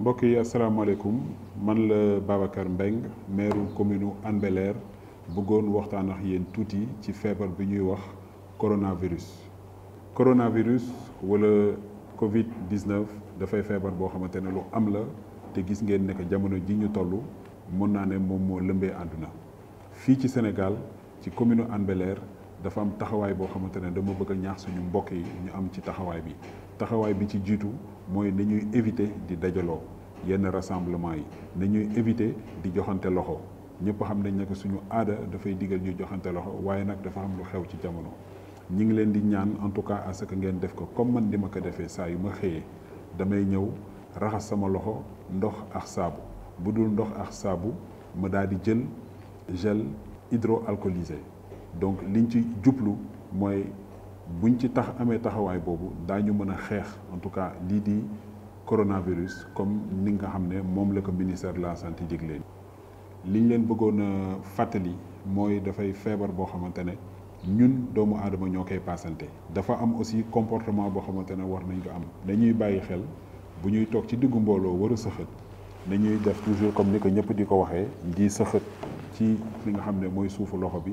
mbokk yi asalaamaaleykum man la Babacar Mbengue maire commune Hann Bel-Air bëggoon waxtaan ak yéen tuuti ci feebar bi ñuy wax coronavirus. coronavirus wala Covid 19 dafay feebar boo xamante ne lu am la te gis ngeen ne jamono ji ñu toll mën naa ne moom moo lëmbee àdduna fii ci senegal ci commune Hann dafa am taxawaay boo xamante ne dama bëgg ñaax suñu mbokk yi ñu am ci taxawaay bi taxawaay bi ci jiitu. moy dañuy éviter di dajalo yenn rassemblement yi dañuy éviter di joxante loxo ñepp xam nañ ne suñu aada da fay digal ñu joxante loxo waye nak dafa am lu xew ci jamono. ñi ngi leen di ñaan en tout cas à ce que ngeen def ko comme man dima ko defee saa yu ma xeyé damay ñew raxas sama loxo ndox ak saabu bu dul ndox ak saabu ma daal di jël gel hydroalcoolisé donc liñ ci jublu moy buñ ci tax amee taxawaay boobu daañu mën a xeex en tout cas lii di coronavirus comme ni nga xam ne moom la ko ministère de la santé jégleen liñ leen bëggoon a fàttali mooy dafay feebar boo xamante ne ñun doomu aadama ñoo koy paasante dafa am aussi comportement boo xamante ne war nañ ko am dañuy bàyyi xel bu ñuy toog ci diggu mbooloo war a sëxët nañuy def toujours comme ni ko ñëpp di ko waxee di sëxët ci li nga xam ne mooy suufu loxo bi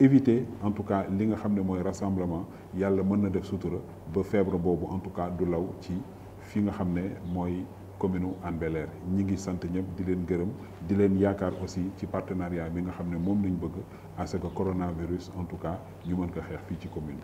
éviter en tout cas li nga xamné moy rassemblement yalla mën na def sutura ba en tout cas law ci fi commune Bel-Air ñi ngi sant ñep di di aussi partenariat à ce coronavirus en tout cas ñu